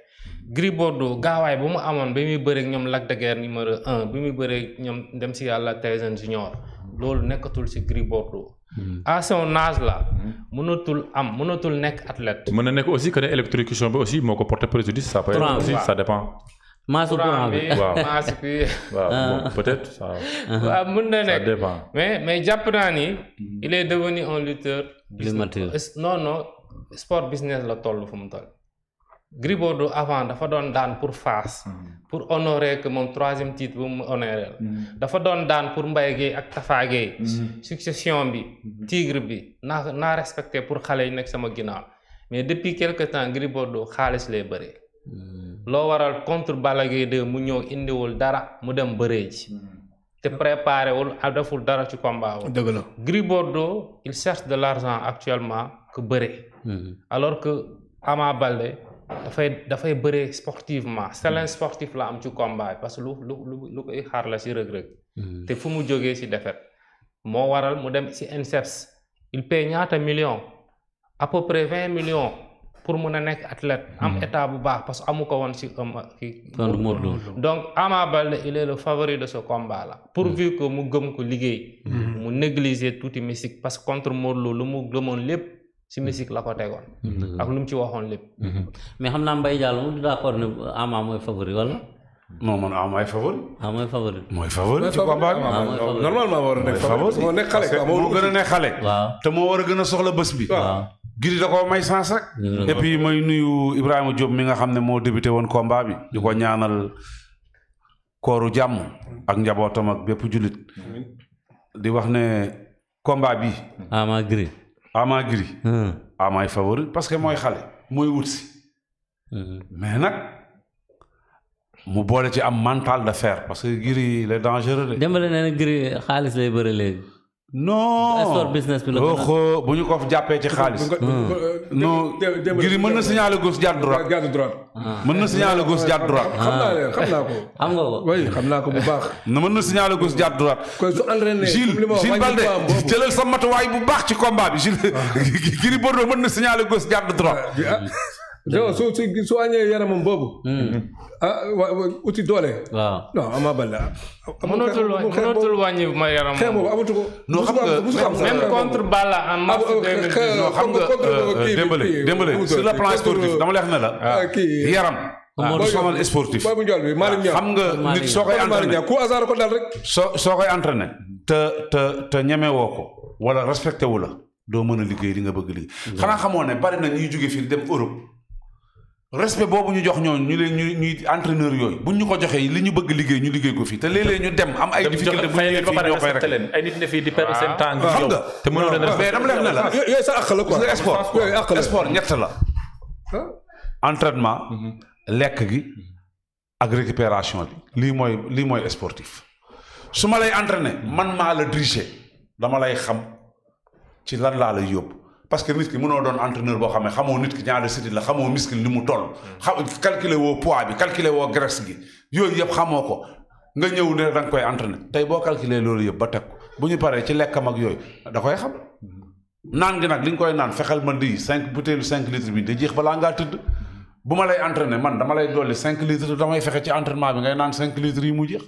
Gris Bordeaux gaawaay bu mu amoon bi muy bëreeg ñoom Lac de Guiers numéro un bi muy bëreeg ñoom dem si yàlla Tyson Junior. loolu nekkatul si Gris Bordeaux. Hmm. à son la là. Hmm. mënatul am mënatul nekk athlète. mën na nekk aussi que ne électrocution bi aussi moo ko porté préjudice. ça peut être aussi ça dépend. maasu courant bi waaw bi waaw ah. peut-être ça. waaw ah. mën na nekk mais mais jàpp naa ni. Hmm. il est devenu un lutteur. non non sport business la toll fu mu toll. Gris Bordeaux avant dafa doon daan pour Fass. Hmm. pour honorer que moom troisième titre bu mu honorer hmm. dafa doon daan pour Mbaye Guèye ak Tafa Guèye. Hmm. succession bi. tigre bi naa naa respecté pour xale yi nekk sama ginnaaw mais depuis quelque temps Gris Bordeaux xaalis lay bëree. loo waral contre Balla Gaye mu ñëw indiwul dara mu dem bëree ji. te préparé wul a deful dara ci combat wul. dëgg la Gris il cherche de l' argent actuellement ku bëree. alors que Ama Baldé dafay dafay bëree sportivement talent sportif la am ci combat bi parce que lu lu lu lu koy xaar la si rëg-rëg hmm. te fu mu jógee si defet moo waral mu dem si INSEPS e il paye ñaata million à peu vingt millions pour mun a nekk athlète am hmm. état bu baax parce que amu ko woon si um, donc Ama Baldé il est le favori de ce combat là pourvu hmm. que mu gëm ko liggéey mu négliger tuuti mystique parce que contre Modou Lô lu mu gëmoon lépp si musique la ko tegoon. ak lu ci waxoon lépp. Mhm. mais xam naa Mbaye Diallo moom du d'accord ne Ama mooy favori wala. non man Ama mooy mooy favori. ci combat bi moo nekk gën a nekk xale. te moo war a gën a soxla bës bi. waaw giri da koo may sens rek. et may nuyu Ibrahima Diop mi nga xam ne moo débuté woon combat bi di ko ñaanal kooru jàmm ak njabootam ak bépp jullit di wax ne combat bi. Ama Gris. ama giri amaay favori parce que mooy xale mooy wut si mais nag mu boole ci am mantale de fer parce que giri il est dangereux de. démb la nee na giri xaalis lay bëri léegi. non sport business bu ñu ko jàppee ci xaalis. non ngir mën na signaler gauche jaar droite. jaar droite. Ah. mën na signaler gauche jaar droite. xam naa ah. leen xam naa ko. xam nga naa ko bu baax. mën na signaler gauche jaar droite. kon su entraîné Gilles jëlal sa matuwaay bu baax ci combat bi Gilles ah. Gris Bordeaux mën na signaler gauche jaar droite. non su su su wàññee yaramam boobu. ah uti doole. waaw non Ama Baldé. mënatul mënatul wàññi ma amatu ko. non xam nga même contre Balla en mars xam nga Dembélé Dembélé le plan la. yaram. waaw du sonal sportif. boobu njool bi Malick Niang xam nga nit soo koy entraîné ku hasard ko dal rek. soo soo koy entraîné. te te te ñeme woo ko. wala respecté wu la. doo mën a liggéey li nga bëgg liggéey. xanaa xamoo ne bari na ñuy jóge fii dem Europe. respect boobu ñu jox ñooñu ñu leen ñuy ñuy entraîneur yooyu buñ ñu ko joxee li ñu bëgg liggéey ñu liggéey ko fii te léeg ñu dem am ay difficulté bu ñu fii ñoo koy rek ay nit ne fii di perdre seen ah. temps ah. xam la yooyu sa àq la quoi sport sport ñett la entraînement mhm. lekk gi ak récupération bi lii mooy lii mooy sportif su ma lay entraîné man maa la dirigé dama lay xam ci lan laa lay yóbbu parce que nit ki mënoo doon entraîneur boo xam ne xamoo nit ki ñaari sitit la xamoo muscle li mu toll. xam calculer woo bi calculer woo graisse gi yooyu yëpp xamoo ko nga ñëw ne da nga koy entraîner tey boo calculer loolu yëpp ba teg ko bu ñu paree ci lekkam ak yooyu da koy xam. naan gi nag li nga koy naan fexeel ma di cinq bouteille cinq litres bi da jeex balaa ngaa tëdd bu ma lay entraîner man dama lay dolli cinq litres damay fexe ci entraînement bi ngay naan cinq litres yi mu jeex.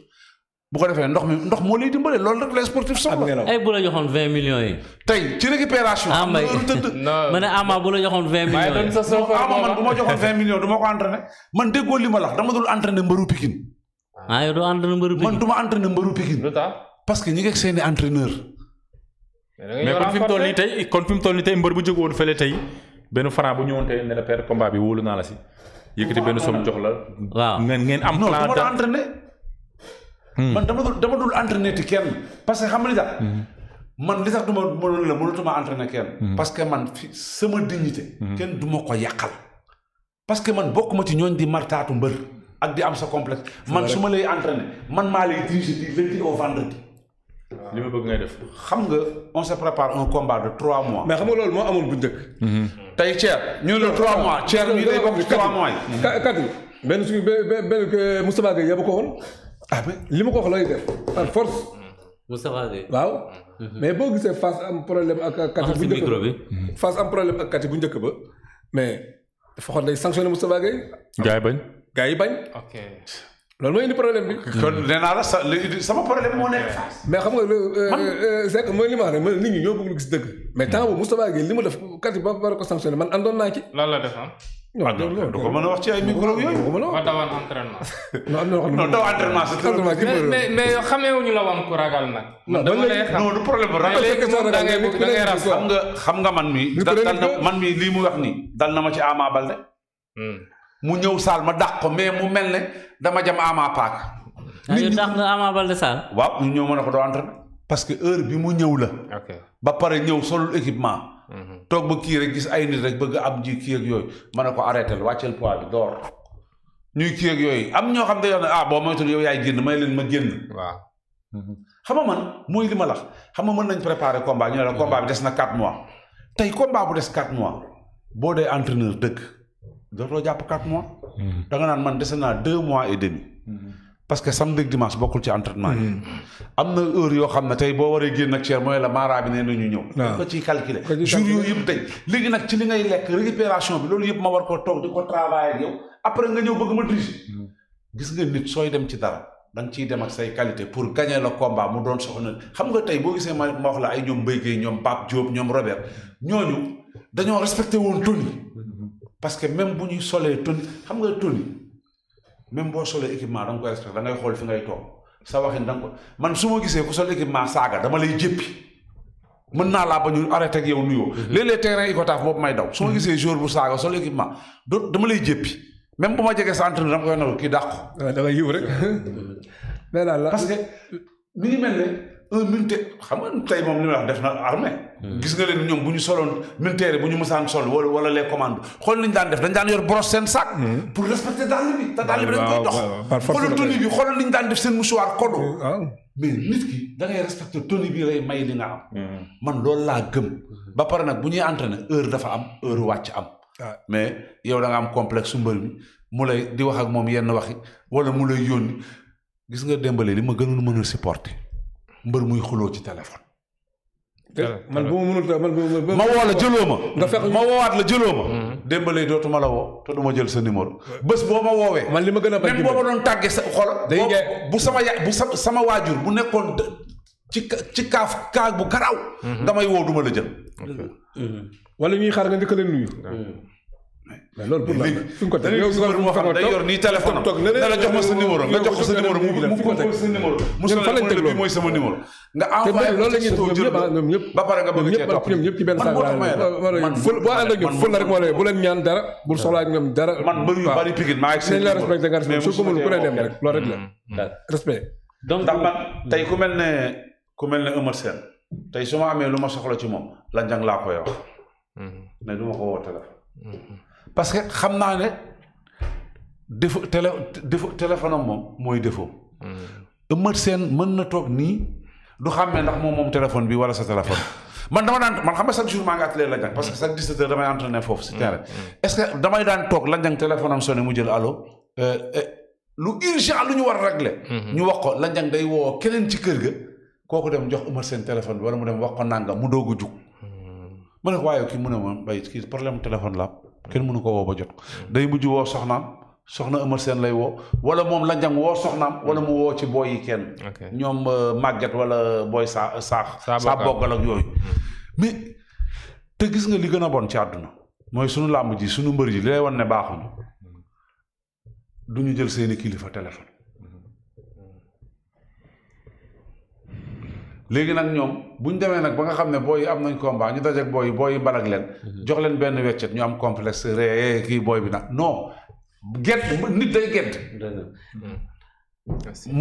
bu ko defee ndox mi ndox moo lay dimbale loolu rek les sportifs soxla. ay bu la joxoon vingt millions yi. tey ci récupération. ah ma ne Ama bu la joxoon vingt millions yi. Ama man bu ma joxoon vingt millions du ma ko entraîné man déggoo li ma la dama dul entraîné mbëru Pikine. ah yow doo entraîné mbëru parce que ñi ngi seeni entraîneur. mais kon fi kon fi mu toll nii tey bu jóg woon tey benn franc bu ñëwoon tey ne la père bi wóolu naa la si yëkkati benn somme jox la. waaw ngeen ngeen am plan Hmm. man dama dul dama dul entraîner ti kenn parce que xam nga li tax hmm. man li tax du ma mënul la mënatuma entraîner kenn hmm. parce que man fi sama dignité kenn du ma ko yàqal parce que man bokkuma ma ci ñooñ di martaatu mbër ak di am sa complexe man su ma lay entraîner man maa lay diriger di lundi au vendredi li ma bëgg ngay def xam nga on se prépare un combat de trois mois mais xam nga loolu moo amoon bu njëkk tey Thier ñu la trois mois Thier mii day bokk ci trois mois yi kati ah li ma ko wax looy def par force. Moustapha Gueye waaw. Mhm. mais boo gisee Fass am problème ak. kati bu njëkk problème ak kati bu njëkk ba mais dafa xool day sanctionné Moustapha Gueye. gars yi bañ. gars yi bañ. ok loolu mooy indi problème bi. kon nee sa sama problème moo mais xam nga euh, euh, c'est que mooy li ma wax rek man nit ñi ñoo bëgg lu gis dëgg. mais mu def kati ba war ko sanctionné man àndoon naa ci. lan la def waaw loolu la du ko mën a wax ci ay micro yooyu. du ko mën a wax dawaan ragal nag. non xam nga man dal na man mi lii mu wax nii dal na ma ci Ama Baldé mm. mu ñëw saal ma dàq ko mais mu mel ne dama jam Ama paak. nit ñi dàq nga Ama Baldé saal. waaw ñu ñëw ma ne ko doo entraîné parce que heure bi mu ñëw la. ba pare ñëw solul équipement. Mhm. toog ba kii rek gis ay nit rek bëgg am ji kii ak yooyu mën na ko arrêté wàcceel poids bi door ñuy kii ak yooyu am ñoo xam ne yow ne ah boo moytul yow yaay génn may leen ma génn. waaw mhm. xam nga mooy li ma lax xam ma mën nañ préparer combat ñu ne la combat bi des na 4 mois tey combat bu des 4 mois boo dee entraîneur dëgg dootoo jàpp 4 mois. Mhm. da nga naan man dese naa 2 mois et demi. parce que samedi dimanche bokkul ci entraînement yi. Hmm. am na heure yoo xam ne tey boo waree génn ak cher mooy la mara nee na ñu ñëw. waaw ko ciy yooyu yëpp tey nag ci li ngay lekk récupération bi loolu yëpp ma war koo toog di ko travailler ñëw bëgg ma hmm. gis nga nit sooy dem ci dara da nga dem ak say qualité pour gagner le combat doon soxna xam nga tey boo gisee ma wax la ay ñoom Mbaye Guèye ñoom Pape Diop ñoom Robert dañoo respecté woon Tony hmm. parce que même bu ñuy solee Tony xam nga Tony. même boo solee équipement da nga koy respecté da ngay xool fi ngay toog sa waxin da nga man su ma gisee ku sol équipement saaga dama lay jéppi mën naa laa ba ñu arrêté ak yow nuyoo mhm. léeg-léeg terrain Icotaf boobu may daw su ma mhm. gisee joueur bu saaga sol équipement do dama lay jéppi même bu ma jegee sa entraîneur dama koy naw kii dàq ko da ngay yiw rek mais daal la parce que mi ngi ne un militaire xam nga tey moom li may wax def na armée hmm. gis nga leen ñoom bu ñu soloon militaire bu ñu mësaan sol wala wala les commandos xool nañu daan def dañ daan yor brosse seen sac hmm. pour respecter dàll bi te dàll bi dañ koy def seen mouchoir kodo hmm, mais nit ki da ngay respecter tenue nga am man loolu laa gëm ba pare nag bu ñuy entraîné heure dafa am heure wàcc am ah. mais yow da am complex su mi mu lay di wax ak moom yenn waxi wala mu lay yónni gis nga démbale li ma gënul mën a supporter mbër muy xuloo ci téléphone. man bu ma mënul man bu ma woo la jëloo ma. nga fekk ma woowaat la jëloo ma. Mm-hmm. démb dootuma la woo te du ma jël sa numéro. bés boo ma woowee. man li ma gën a bañ même boo ma doon tàggee sa xol. bu sama ya bu sama waajur bu nekkoon ci ci kaaf kaag bu garaaw. Mm-hmm. damay woo du la jël. wala ñuy xaar nga njëkk leen nuyu. mais loolu pour la fi nga ko teg yow suba moo xam day yor nii téléphone toog ne la jox ma sa numéro nga jox ko sa numéro mu mu ko teg sa numéro ñun fa lañ teg loolu mooy sama numéro nga envoyé loolu la ñuy def ah, ñoom ñëpp ba pare nga bëgg cee topp ñoom ñëpp ci benn saa man ful boo ànd ak ñoom ful la rek moo lay bu leen ñaan dara bul soxlaa ak ñoom dara man mbër yu bari pikin maa ngi seen la respecté nga respecté su ko mënul ku lay dem rek loolu rek la mm-hmm. respect donc ndax man mm-hmm. tey ku mel ne ku mel ne Eumeu Sène tey su ma amee lu ma soxla ci moom la njàng laa koy wax mais du ma ko woo téléphone parce que xam naa ne défaut télé défaut téléphone am moom mooy défaut. Mm. Eumeu seen mën na toog nii du xàmmee ndax moom moom téléphone bi wala sa téléphone. man dama daan man xam nga chaque jour maa ngi atelier Landiang parce que chaque 17 heures damay entraîné foofu si mm, terrain. Mm. est-ce damay daan toog Landiang téléphone soo sonné mu jël aloo euh, euh, lu urgent lu ñu war a régler. Mm-hmm. ñu wax ko la Landiang day woo keneen ci kër gi kooku dem jox Eumeu Sène téléphone bi wala mu dem wax ko nangam mu doog a jug. waaye kii mu ne ma mbay kii problème téléphone la kenn mënu ko woo ba jot day mujj woo soxnaam soxna Eumeu seen lay woo wala moom la njang woo soxnaam wala mu woo ci booy yi kenn ñoom euh, màgget wala booy saa saa saa boggal ak yooyu hmm. mais te gis nga li gën a bon ci àdduna mooy suñu làmb ji suñu mbër ji li lay won ne baaxuñu hmm. duñu jël seeni kilifa téléphone léegi nag ñoom bu ñu demee nag ba nga xam ne booy yi am nañ combat ñu dajeeg booy yi booy yi mbalag leen. Mhm. jox leen benn weccet ñu am complexe ree kii booy bi nag non. gedd nit day gedd.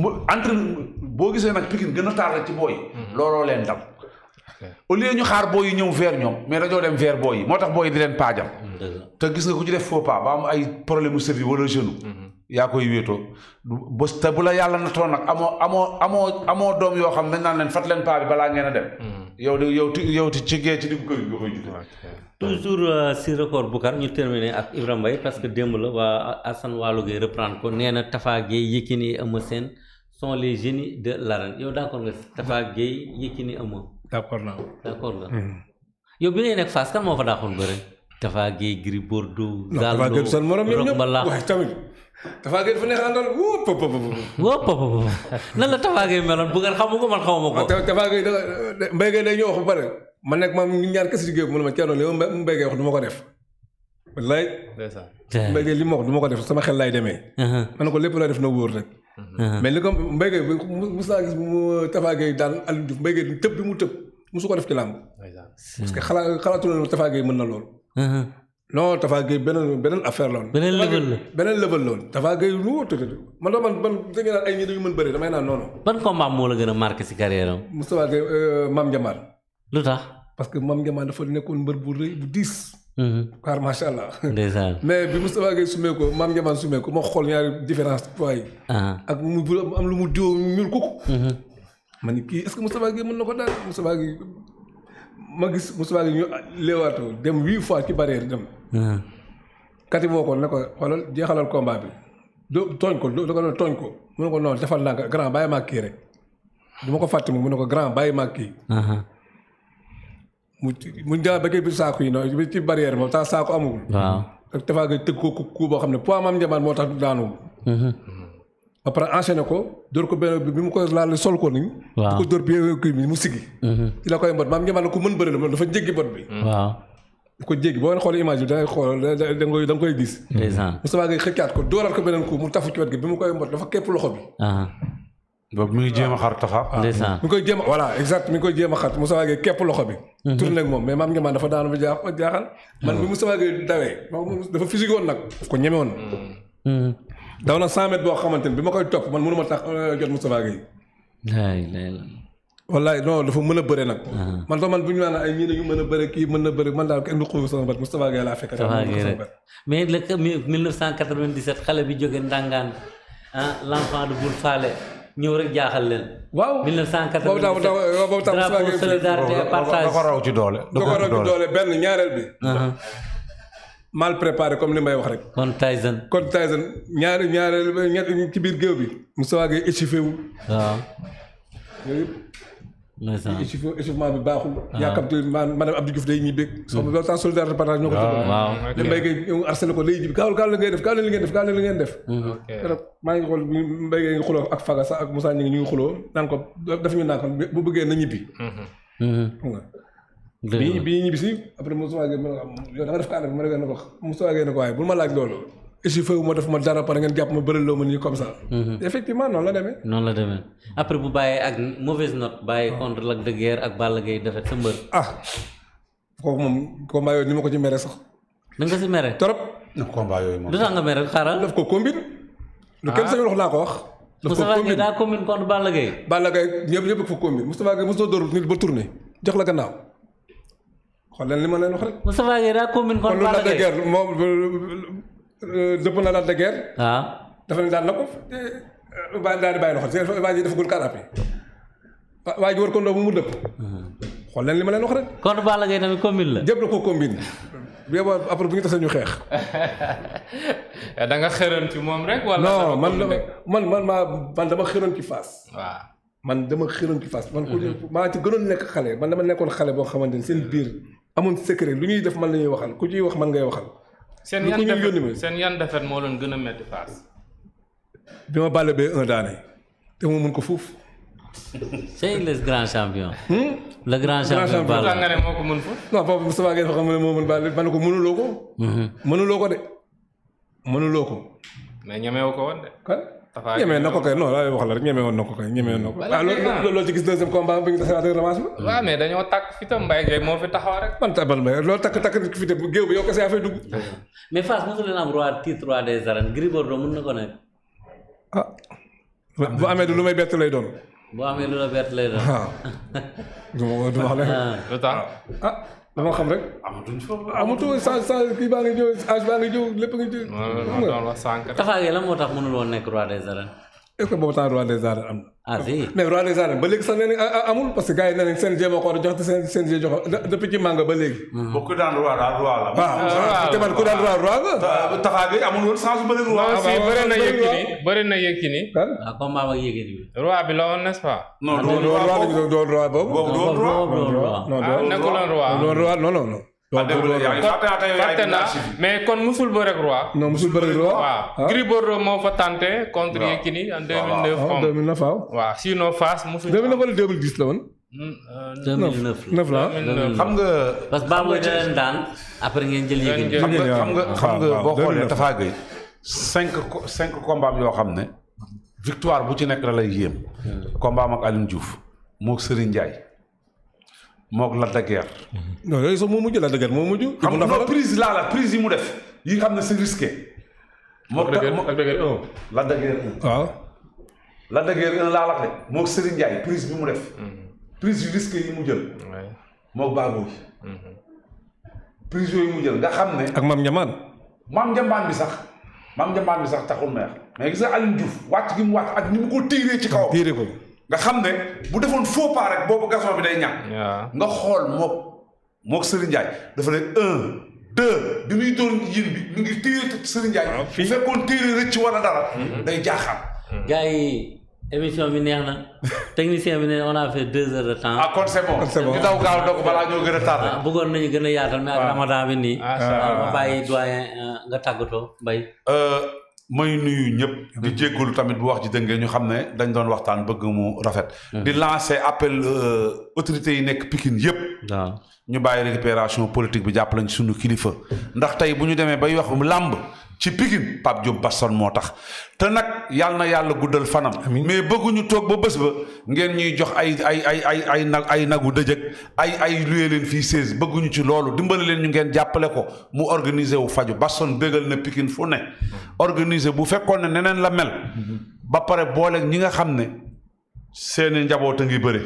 mu entre boo gisee nag Pikine gën a taar ci booy yi. Mhm. looloo leen dal. au ñu xaar booy yi ñëw vers ñoom mais dañoo dem veer booy yi moo tax booy yi di leen paajal. te gis nga ku ci def faux pas ba am ay problème mu sëriñ wala genou. Mhm. yaa koy wéetoo bés te bu la yàlla natoo nag amoo amoo amoo doom yoo xam dañ naan leen fat leen paa balaa ngeen a dem. Hmm. yow di yow ti yow ti ci géej ci diggu kër gi nga koy jóge. toujours euh, si record Boucar ñu terminer ak Ibrahima Mbaye parce que démb la waa Assane Walu Gueye reprendre ko nee na Tafa Gueye Yékini Eumeu Sène sont les génies de l'arène yow d' nga Tafa Gueye Yékini Eumeu. d' accord naa d' accord nga. Hmm. yow bi ngay nekk Fass moo fa daaxoon bëre. Tafa Gueye Tapha Gueye dafa neex àndal wóop pop pop wóop pop pop nan la Tapha Gueye meloon bu ko man xamuma ko. da Mbaye Gueye ñëw wax ba pare man nag maam ñu ñaan mu ne ma Thierno li ma Mbaye ma ko def. wallaay. Mbaye Gueye li ma wax ma ko def sama xel laay demee. Uh-huh. ma ne ko lépp laa def na wóor rek. Uh-huh. mais li ko Mbaye Gueye mos naa gis mu euh, Tapha Gueye daan Aliou Diouf Mbaye Gueye du tëb mu tëb ko def ci làmb. parce que xalaat xalaatu na mën na lool. Uh-huh. non Tafa Gueye beneen beneen affaire la woon. beneen level la beneen level la woon. Tafa Gueye lu wóor tëdd man man man da ngeen naan ay ñi dañu mën bëri damay naan non non. ban combat moo la gën a marqué si carrière am. Moustapha Gueye euh, Mame Ndiambar. lu tax. parce que Mame Ndiambar dafa nekkoon mbër bu rëy bu diis. car mhm. macha allah. ndeysaan mais bi Moustapha Gueye sumee ko Mame Ndiambar ma xool ñaari différence poids yi. Ah. ak mu am lu mu diw ñuul kukk. Mhm. ma ni kii est ce que Moustapha Gueye mën na ko daal Moustapha Gueye. ma gis Moussa ñu léewaatoo dem huit fois ci barrière dem. Ah. kati woo ko ne ko xoolal jeexalal combat bi doo tooñ ko doo ko doon tooñ ko mu ne ko non defal naa ko grand bàyyi ma rek du ma ko fàtte mu ne ko grand bàyyi ma mu mu jaa ba kii bi saako yi noonu ci barrière moom saa saako amul. waaw ak dafaa ngay tëgg ko ku xam ne poids am njamaan moo tax daanu. après enchaîné ko dóor ko benn bi mu koy laal sol ko nii. kii bi mu siggi. ci mhm. la koy mbot maam ñamal ko mën bëri la moom bi. Mhm. waaw ko jéggi boo leen xoolee image bi da ngay xool da koy gis. ko dóoraat ko beneen ko mu tafu ci wet gi bi mu koy ah. ngi xar taxa. Ah. ndeysaan mi ngi koy jéem a voilà exact mi ngi koy jéem a képp loxo bi. Mhm. tourné ak moom mais maam ñamal dafa daanu ba jaaxal man bi ah. Moustapha Gueye dawee dafa physique woon nag ko ñeme woon mm. Mm-hmm. daw na 100 mètres boo xamante ne bi ma koy topp man mënu ma tax euh, jot Moustapha Gueye. wallaay non dafa mën a bëre nag. Ah. man sax man bu ñu naan ay ñii mën a bëre kii mën na bëre man daal kenn du xubu sama bat Moustapha Gueye laa fekk. Moustapha Gueye mais le 1997 xale bi jóge Ndangaan ah l' enfant ñëw rek jaaxal leen. waaw 1997 boobu tam boobu tam Moustapha Gueye. drapeau solidarité et ci doole da ko raw ci doole benn ñaareel bi. Uh-huh. mal préparé comme li may wax rek. kon Tyson. kon Tyson ñaari ñaari ñett ci biir géew bi. Moustapha Gueye échauffé wu. waaw. yooyu yëpp. échauffé échauffement bi baaxul. waaw yàkkamti maanaam Abdou Diouf day ñibbeeg. Mm. soo ko temps solidarité partage ñoo ko. waaw waaw ok mbay ngay ñëw harcelé ko léegi kaawul kaawul la def kaawul la ngeen def kaawul la ngeen def. Mm-hmm. ok ngi xuloo ak Faga sax ak Moussa ñu ngi ñu ngi xuloo naan ko daf ñu naan ko bu bëggee na ñibbi. Mm-hmm. Mm-hmm. bii bii ñibbi si après Moustapha Gueye ma yow da nga def kaane ma ne leen ko wax Moustapha Gueye ne ko waaye bul ma laaj loolu échauffé wu ma def ma dara pare ngeen jàpp ma bëri loo ma nii comme ça. Mhm. effectivement noonu la demee. noonu la demee après bu bàyyee ak mauvaise note bàyyi ah. contre Lac de Guiers ak Balla Gaye defet sa mbër. ah kooku moom combat yooyu ni ma ko ci mere sax. da nga ko si mere. trop na combat yooyu moom. du tax nga mere xaaral. daf ko combine. lu ah. kenn sañul wax laa ko wax. daf ko combine Moustapha Gueye daa combine contre Balla Gaye. Balla Gaye ñëpp ñëpp ko combine Moustapha Gueye mosoo dóor nit ba tourné jox la gannaaw. xool leen li ma leen wax rek. Moustapha Gueye daa commune kon Balla Gaye moom euh, euh, dëpp na la de Guiers. waaw ah. dafa ne daan na ko euh, bàyyi daal di bàyyi loxo si waa ji dafa gul mu dëpp. Hmm. xool leen li ma leen wax rek. kon Balla Gaye tamit commune la. jëpp la ko commune. yóbbu après bu ñu tasee ñu xeex. da nga xëroon ci moom rek. wala non man man man maa man dama xëroon ci Fass. waaw man dama xëroon ci Fass. man ku mhm. maa ci gënoon nekk xale man dama nekkoon xale boo xamante ni seen biir. amuñ secret lu ñuy def man la ñuy waxal ku ciy wax man ngay waxal. seen yan defet moo leen gën a métti Fass. bi ma bàlle bee un te mu mun ko fuuf. c'est le grand champion. Hmm? le grand champion Balla nga ne moo ko mën fuuf. non papa Moustapha Gueye xam ne moo mën Balla ma ne ko mënuloo ko. Mhm. mënuloo ko de mënuloo ko. mais ñemewu ko woon de. tafaay ñeme na ko kay non wax la rek ñeme woon na ko kay ñeme woon na ko. waaw ah, loolu loolu ci gis deuxième combat bi ñu taxawaat ak fi tam mbay ngay moo fi man tabal ma loolu takk takk fi tam géew bi yow kese yaa fay dugg. mais Fass mosul am roi titre roi des arènes Gris Bordeaux mën na ko nekk. ah bu amee du lu may bett lay doon. bu amee lu la bett lay doon. Ah. waaw ah. tax dama xam rek. amatuñ foofu amatu sa sa kii baa ngi ñëw âge baa ngi ñëw lépp ngi ñëw. xam nga taxaage la moo tax mënul woon nekk roi des arènes. est ce que boobu temps roi des arènes am na. ah si mais roi des arènes ba léegi sax nee nañ ah, ah, amul parce que gars yi nee nañ CNG moo a jox te CNG jox depuis ci manga ba léegi. Hmm. ku daan roi daal roi la. waaw ah, te man ku daan roi roi la. na Yékini bëri na Yékini. ah combat ba Yékini bi. roi bi la woon boobu. doon roi boobu non non non. Euh, fàtte naa mais kon musul bëre ak roi. non musul bëre ak roi waaw. Ah. Gris Bordeaux moo fa tenté contre Yekini en 2009. waaw 2009 ah, waaw. waaw sinon Fass musul. la hmm, euh, xam nga. parce que Baboy da leen daan après ngeen jël Yekini. xam xam nga xam nga boo xoolee Tapha Gueye. cinq cinq combats yoo xam ne. victoire bu ci nekk la lay yéem. Hmm. combat am ak Alioune Diouf moog Serigne Ndiaye. moog Lac de Guiers. non yooyu sax moo mujj Lac de Guiers moo mujj. xam nga non prise laa la prise yi mu ne c'est risqué. moog Lac de Guiers 1. Lac de Guiers 1. waaw. Lac de Guiers 1 laa wax de moog Serigne prise bi mu def. Mm-hmm. prise yu risqué yi mu jël. moog Babou yi. Mm-hmm. prise yooyu mu jël nga xam ne. ak maam Ndiambane. maam Ndiambane bi sax maam Ndiambane bi sax taxul neex mais gis nga Alioune Diouf wàcc gi mu wàcc ak ni mu ko tiiree ci kawam. tiiree ko. nga xam ne bu defoon faux pas rek boobu Gaston bi day ñàkk. nga xool mook mook Serigne Ndiaye dafa ne un deux bi muy doon yéen bi mu ngi téere Serigne Ndiaye. waaw ah, fii fekkoon téere rëcc wala dara. Mm-hmm. day jaaxal. Mm-hmm. gars yi émission bi neex na technicien bi ne on a fait deux de temps. ah kon c'est bon c'est ñu daw gaaw dog balaa ñoo gën a tardé. ah bëggoon nañu a yaatal mais ak ah, ah, doyen euh, nga tàggatoo Mbaye. Euh, may nuyu ñëpp. di jéggul tamit bu wax ji dëngee ñu xam ne dañ doon waxtaan bëgg mu rafet. di lancer appel euh, autorités yi nekk Pikine yëpp. waaw ñu bàyyi récupération politique bi jàpp ñu suñu kilifa. ndax tey bu ñu demee bay wax làmb ci Pikine Pape Diop Basson moo tax te nag yàlla na yàlla guddal fanam. mais bëgguñu toog ba bés ba ngeen ñuy jox ay ay ay ay ay nag ay nagu dëjëg ay ay luye leen fii seize bëgguñu ci loolu dimbali leen ñu ngeen jàppale ko mu organiser wu faju Basson bégal na Pikine fu ne. organiser bu fekkoon ne neneen la mel. Mm-hmm. ba pare booleek ñi nga xam ne seeni njaboot a ngi bëri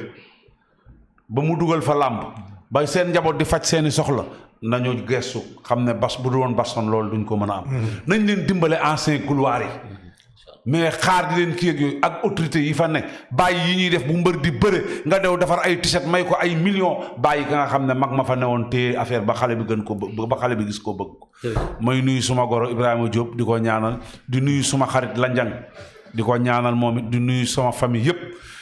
ba mu dugal fa làmb. ba seen njaboot di faj seeni soxla nañu gestu xam ne bas bu dul woon basoon loolu duñ ko mën a am. Mm-hmm. nañ leen dimbale ancien couloir yi. Mm-hmm. mais xaar di leen kii ak yooyu ak autorité yi fa ne bàyyi yi ñuy def bu mbër di bëre nga dew defar ay t may ko ay millions bàyyi ka nga xam ne mag ma fa newoon téye affaire ba xale bi gën ko ba xale bi gis ko bëgg ko may nuyu suma goro Ibrahima Diop di ko ñaanal di nuyu suma xarit Lanjang di ko ñaanal moom di nuyu sama famille yëpp